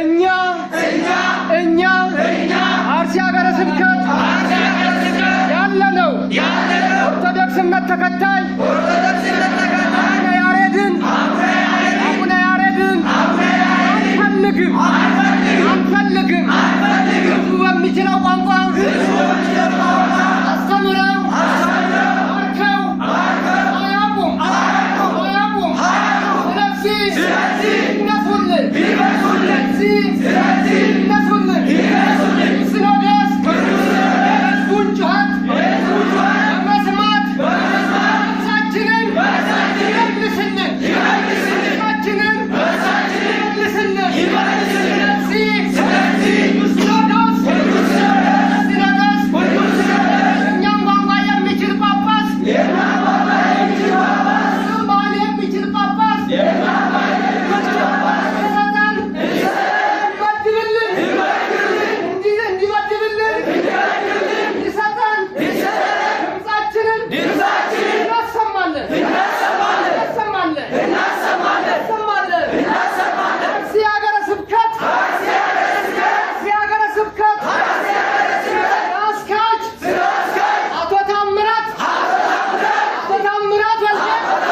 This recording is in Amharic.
እኛ እኛ እኛ እኛ አርሲ ሀገረ ስብከት ያለነው ኦርቶዶክስነት ተከታይ አቡነ ያሬድን አቡነ ያሬድን አንፈልግም አንፈልግም ህዝቡ በሚችለው ቋንቋ አስተምረው አርከው አያቁም አያቁም ስለዚህ ይነሱልን ይነሱልን Seti! Seti! Yeah.